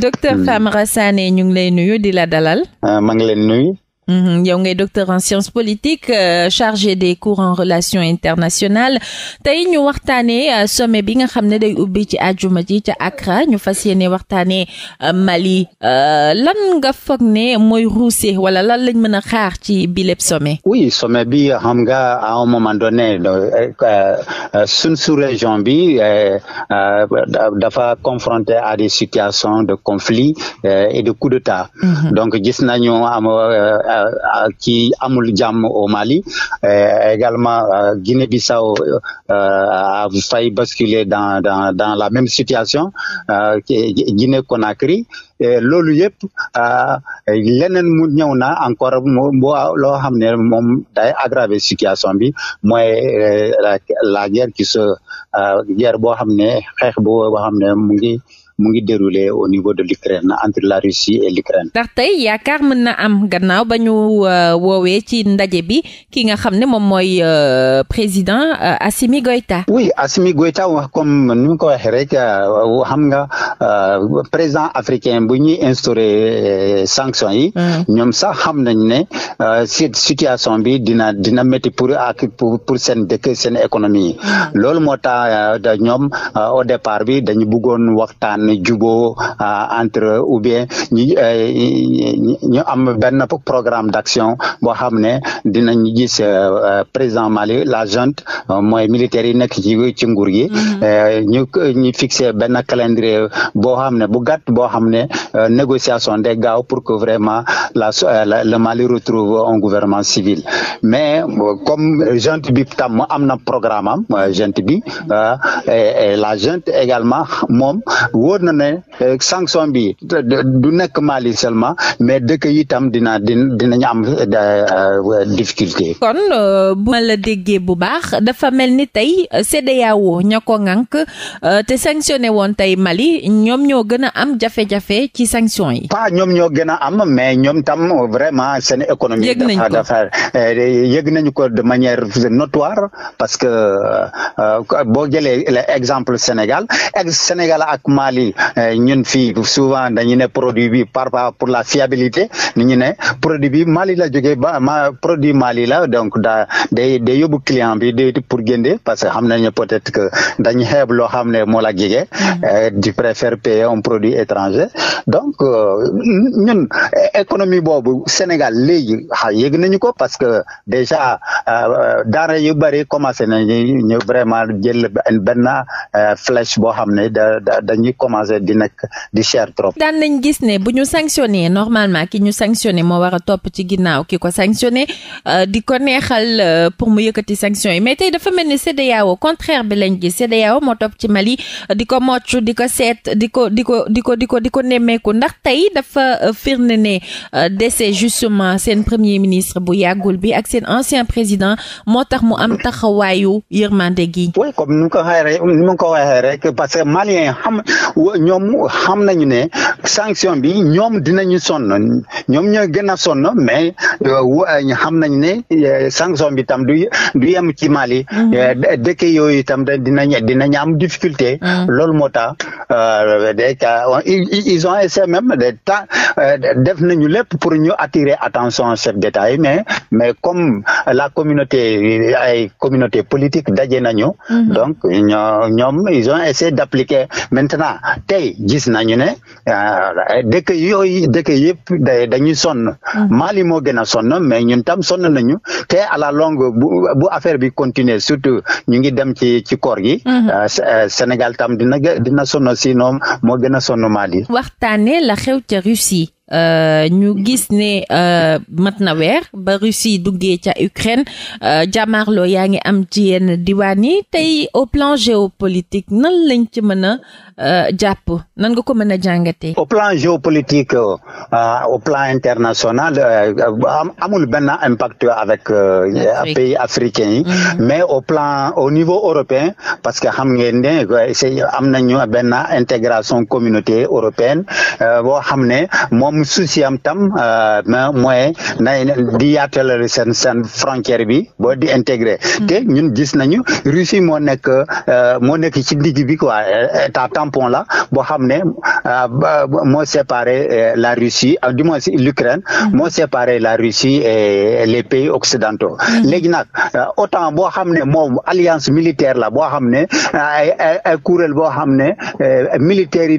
docteur Famara Sané ñu ngi lay nuyu di la dalal. Ah, maa ngi nuyu. Mm-hmm. yow ngay docteur en sciences politiques euh, chargé des cours en relations internationales tey ñu waxtaanee euh, sommet bi nga xam ne day ubbi ci àjjuma ci ca Accra ñu fas yéene waxtaanee euh, Mali lan nga foog ne mooy ruuse wala lan lañ mën a xaar ci bileb sommet. oui sommet bi xam nga à un moment donné suñ sous-région bi dafa confronter à des situations de conflit et de coup d'État. Mm-hmm. donc gis nañu am. Euh, euh, qui amul jàmm au Mali euh, également Guinée-Bissau a failli basculer dans dans dans la même situation Guinée-Conakry loolu yëpp leneen mu ñëw na encore mu loo xam ne moom day situation bi mooy la guerre qui se guerre boo xam ne xeex boo xam ne mu ngi déroulé au niveau de l'Ukraine entre la Russie et l'Ukraine ndax tey yaakaar na am gannaaw ba ñu euh, woowee ci ndaje bi ki nga xam ne moom mooy euh, président euh, Assimi Goïta oui Assimi Goïta wax comme ni ko waxee rek xam nga président africain bu ñuy instauré sanction yi mm. ñoom sax xam nañ ne situation bi dina dina métti pour ak pour seen dëkk seen économie yi mm. loolu moo tax ñoom au départ bi dañu bëggoon waxtaan juboo euh, entre ou bien ñu euh, ñu am benn programme d'action boo xam ne dinañ gis euh, président Mali la junte mooy militaires yi nekk ci ci nguur gi mm-hmm. ñu ñu fixé benn calendrier boo xam ne bu gàtt boo xam ne négociation day gaaw pour que vraiment la le Mali retrouve un gouvernement civil mais comme junte bi tam am na programme am bi la junte également moom wóor na ne eh, sanction bi du nekk maali seulement mais dëkk yi tam dina dina dinañu am eh, eh, difficulté. kon euh, bu ma la déggee bu baax dafa mel ni tey euh, CEDEAO ña ko ŋànk euh, te sanctionné woon tey Mali ñoom ñoo gën a am jafe-jafe ci sanction yi. pas ñoom ñoo gën a am mais ñoom tam vraiment seen économie. yëg nañ ko dafa yëg nañu ko de manière notoire parce que boo jëlee exemple Sénégal ex Sénégal ak Mali. yi eh, ñun fii souvent dañu ne produit bi par pour la fiabilité ni produit bi Mali ma produit Mali la donc daa day day yóbbu client bi day pour génde parce que xam nañu peut-être que dañu xeeb loo xam ne moo la jege. Mm-hmm. Eh, di préfère payer un produit étranger donc euh, ñun eh, économie boobu Sénégal léegi xa ah, yëg nañu parce que déjà euh, denrées yu bëri commencé nañu ñu vraiment jël benn euh, flèche boo xam ne commencé di nekk di cher trop. daan nañ gis ne bu ñu sanctionné normalement ki ñu sanctionné moo war a topp ci ginnaaw ki ko sanctionné euh, di ko neexal euh, pour mu yëkkati sanction yi mais tey dafa mel ni CEDEAO contraire bi lañ gis CEDEAO moo topp ci Mali di ko mocc di ko seet di ko di ko di ko di ko di ko nemmeeku ndax tey dafa euh, firnde ne décès justement seen premier ministre bu yàggul bi ak seen ancien président moo tax mu am taxawaayu yërmande gi. oui comme ni ko waxee rek ni ma ko waxee ñoom xam nañu ne sanction bi ñoom dinañu sonn ñoom ñooy gën a sonn mais euh, xam nañu ne euh, sanction bi tam du du yem ci Mali mm-hmm. euh, dëkk yooyu tam dina dinañ am difficulté mm-hmm. loolu moo euh, des cas ils, ils ont essayé de temps euh, def nañu lépp pour ñu attirer attention chef d'État yi mais mais comme la communauté ay communauté politique daje nañu. Mm-hmm. donc ño ñoom ils ont essayé d'appliquer maintenant tey gis ñu ne euh, dëkk yooyu dëkk yëpp dañuy sonn. Mm-hmm. Mali moo gën a sonn mais ñun tam sonn nañu te à la longue bu bu affaire bi continuer surtout ñu ngi dem ci ci koor gi. Mm-hmm. Euh, Sénégal tam dina sonn. sinon moo gën a sonn Mali. waxtaanee la xew ca Russie Euh, ñu gis ne euh, mat na weer ba Russie duggee ca Ukraine euh, jàmmaarloo yaa ngi am ci yenn diwaan yi tey au plan géopolitique nan lañ ci mën a jàpp nan nga ko mën a jàngatee. au plan géopolitique au plan international amul benn impact avec pays africains yi. Mm-hmm. mais au plan au niveau européen parce que xam ngeen ne am nañu benn intégration communauté européenne boo xam ne moom am souci am tam euh, ma mooy nay di yaatalal seen seen bi boo di intégré mm. te ñun gis nañu Russie moo nekk euh, moo nekk ci digg bi quoi euh, état tampon la boo xam ne moo séparé la Russie du moins l'Ukraine mm. moo séparé la Russie et les pays occidentaux mm. léegi nag autant boo xam ne moom alliance militaire la boo xam ne ay kuréel boo xam ne militaires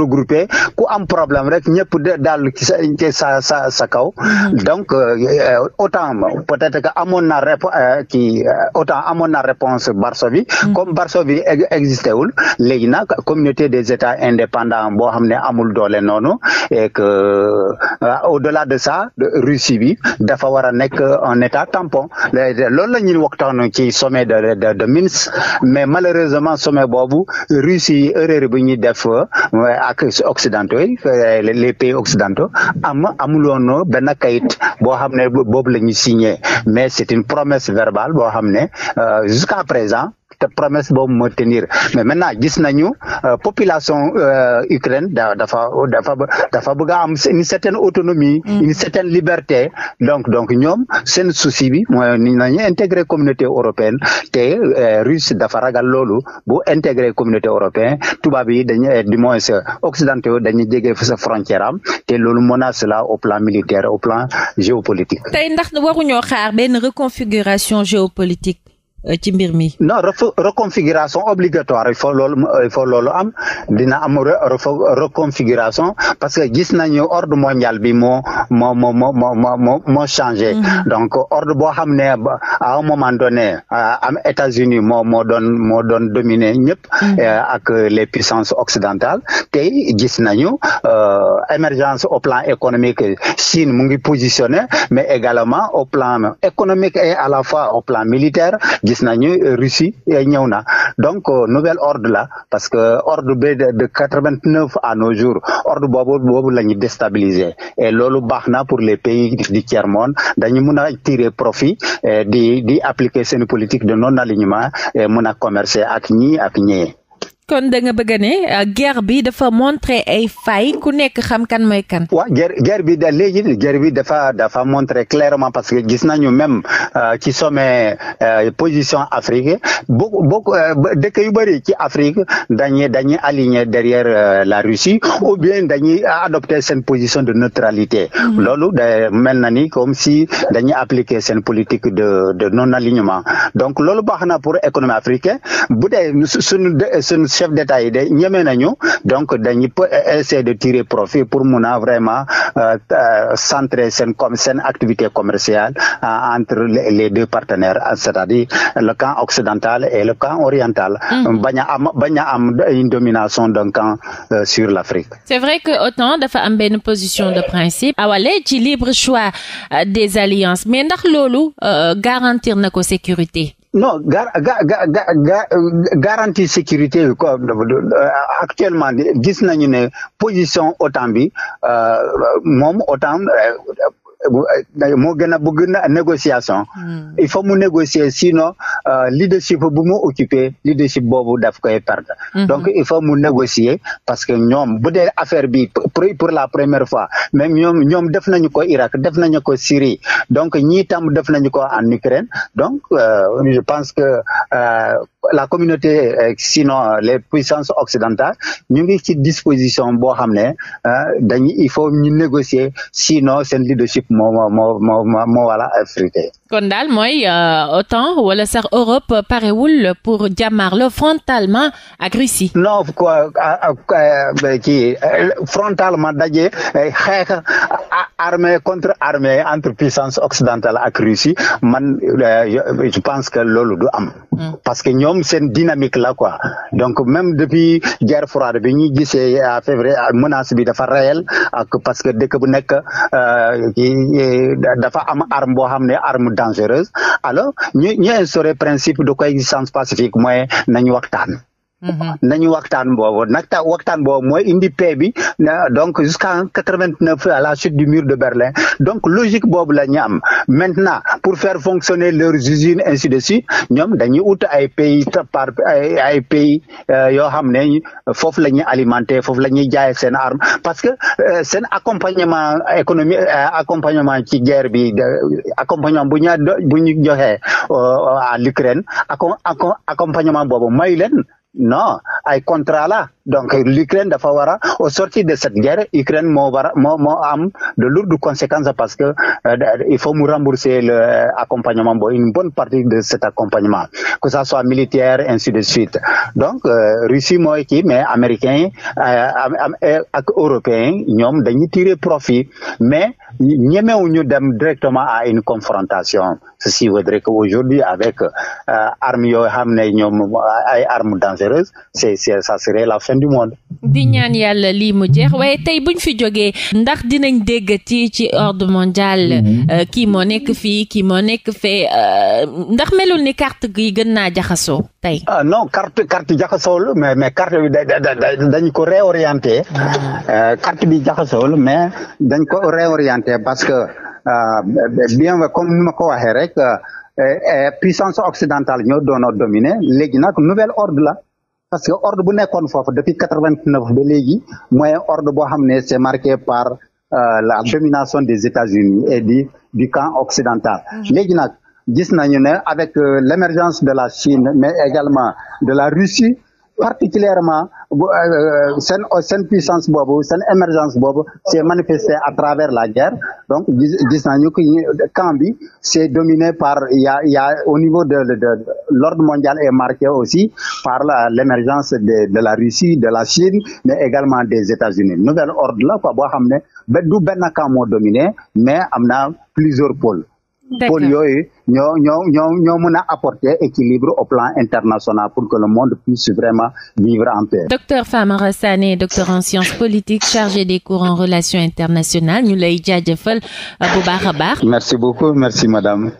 regroupé ku am problème rek ñëpp daal ci sa sa sa sa kaw mm-hmm. donc euh, autant peut-être que amoon na rép euh, kii euh, autant amoon na réponse Varsovie mm-hmm. comme Varsovie existé wul léegi nag communauté des états indépendants boo xam ne amul doole noonu et que au-delà de ça Russie bi dafa war a nekk un état tampon loolu la ñuy waxtaan ci sommet de de de mais malheureusement sommet boobu Russie erreur bi ñuy def ak occidentaux yi pays pays occidentaux am amuloon benn kayit boo xam ne boobu la ñu signé mais c'est une promesse verbale boo xam ne euh, jusqu'à te promesse boobu moo tenir mais maintenant gis nañu euh, population euh, Ukraine da dafa dafa dafa bëgg a am une certaine autonomie. Mm. une certaine liberté donc donc ñoom seen souci bi mooy ni nañu intégrer communauté européenne te euh, russe dafa ragal loolu bu intégrer communauté européenne tubaab yi dañuy du moins occidentaux dañuy jege sa frontière am te loolu menace la au plan militaire au plan géopolitique. tey ndax waruñoo xaar benn reconfiguration géopolitique. Euh, ci mbir mi. reconfiguration obligatoire il faut loolu am dina am reconfiguration parce que gis nañu ordre mondial bi moo moo changé. Mm-hmm. donc ordre boo xam ne à un moment donné am États-Unis moo moo doon moo doon dominer ñëpp. Mm-hmm. Euh, ak les puissances occidentales tey gis nañu euh, émergence au plan économique Chine mu ngi positionné mais également au plan économique et à la fois au plan militaire. gis nañu euh, Russie euh, ñëw na donc euh, nouvelle ordre la parce que ordre de quatre-vingt-neuf à nos jours ordre boobu boobu la ñu déstabiliser et loolu baax na pour les pays du tiers monde dañu mun a tirer profit di di appliquer seen politique de non alignement et mun a commercer ak ñi ak ñee kon da nga bëgg ne euh, guerre bi dafa montré ay fay ku nekk xam kan mooy kan. waaw guerre guerre bi da léegi dafa dafa montré clairement parce que gis nañu même euh, ci sommet euh, position Afrique boo boo dëkk yu bëri ci Afrique dañuy dañuy aligné derrière la Russie ou bien dañuy adopté seen position de neutralité. Mm-hmm. loolu da mel na ni comme si dañuy appliqué seen politique de de non alignement donc loolu baax na pour économie africaine chef d'état yi de ñeme nañu donc dañu peut essayer de tirer profit pour mun a vraiment euh, euh, centrer seen comme seen activité commerciale euh, entre les deux partenaires c'est-à-dire le camp occidental et le camp oriental. Mhm. bañ am bañ am une domination d'un camp sur l'Afrique. c'est vrai que autant dafa am benn position de principe. awale ci choix des alliances mais ndax loolu garantir na sécurité. non gar ga ga ga garantie sécurité bi quoi actuellement gis nañu ne position OTAN bi euh, moom OTAN euh, Euh, moo gën a bëgg na négociation. Hmm. il faut mu négocier sinon euh, leadership bu mu occupé leadership boobu daf koy perdre. Hmm. donc il faut mu négocier parce que ñoom bu dee affaire bi pour la première fois même ñoom ñoom def nañu ko Irak def nañu ko Syrie donc ñii tam def ko en Ukraine donc euh, je pense que. la communauté euh, sinon les puissances occidentales ñu ngi ci disposition boo xam ne euh, dañu il faut ñu négocier sinon seen leadership moo moo moo moo wala frité kon daal mooy euh, OTAN wala sax Europe parewul pour jàmmaarloo frontalement ak Russie. non quoi kii frontalement daje xeex armée contre armée entre puissance occidentale ak Russie man je pense que loolu du am. Mm. parce que ñoom ñoom seen dynamique la quoi donc même depuis guerre froide bi ñuy gisee à février menace bi dafa réel ak parce que dëkk bu nekk euh, dafa am arme boo xam ne arme dangereuse alors ñu ñu instauré principe de coexistence pacifique mooy nañu waxtaan Mm-hmm. nañu waxtaan boobu nag ta waxtaan boobu mooy indi paix bi donc jusqu'à quatre-vingt-neuf à la chute du mur de Berlin donc logique boobu la ñu am maintenant pour faire fonctionner leurs usines ainsi de suite ñoom dañuy ut ay pays par ay pays euh, yoo xam ne foofu la ñuy alimenter foofu la ñuy jaayee seen arme parce que euh, seen accompagnement économie euh, accompagnement ci guerre bi accompagnement bu ñu bu ñu joxee à l'Ukraine accompagnement boobu may leen non ay contrat la donc l'Ukraine dafa war a au de cette guerre Ukraine moo war a moo moo am de lourdes conséquences parce que euh, euh il faut mu rembourser le euh, accompagnement bo une bonne partie de cet accompagnement que ça soit militaire ainsi de suite donc euh, Russie mooy kii mais américain euh, euh, ak européen ñoom dañuy tire profit mais ñemewuñu dem directement à une confrontation ceci voudrait que aujourd'hui avec armes yoo xam ne ñoom ay armes dans dangereuse c'est c'est ça serait la fin du monde. di ñaan yàlla lii mu jeex waaye tey bu ñu fi jógee ndax dinañ déggati ci ordre mondial. Mhm. Euh, kii moo nekk fii kii moo nekk fee euh, ndax melul ni carte gi gën naa jaxasoo tey. ah non carte carte mais mais carte bi da dañ ko réorienté ah. euh, carte bi jaxasoo mais dañ ko réorienté parce que bien comme ni ma ko waxee rek. puissance occidentale ñoo doon dominé léegi nag nouvel ordre la parce que ordre bu nekkoon foofu depuis quatre-vingt-neuf ba léegi mooy ordre boo xam ne c'est marqué par euh, la domination des États-Unis et du du camp mm-hmm. léegi nag gis nañu ne avec euh, de la Chine mais également de la Russie particulièrement euh, euh, seen euh, seen puissance boobu seen émergence boobu s'est manifester à travers la guerre donc gis gis nañu que bi c'est dominé par il y a au niveau de de, de l'ordre mondial est marqué aussi par l'émergence de de la Russie de la Chine mais également des États-Unis nouvel ordre la quoi boo xam ne du benn camp moo dominé mais am na plusieurs pôles pôles yooyu ñoo ñoo ñoo ñoo mën a apporter équilibre au plan international pour que le monde puisse vraiment vivre en paix. docteur Famara Sané docteur en sciences politiques chargé des cours en relations internationales ñu lay jaajëfal euh, bu baax a baax. merci beaucoup merci madame.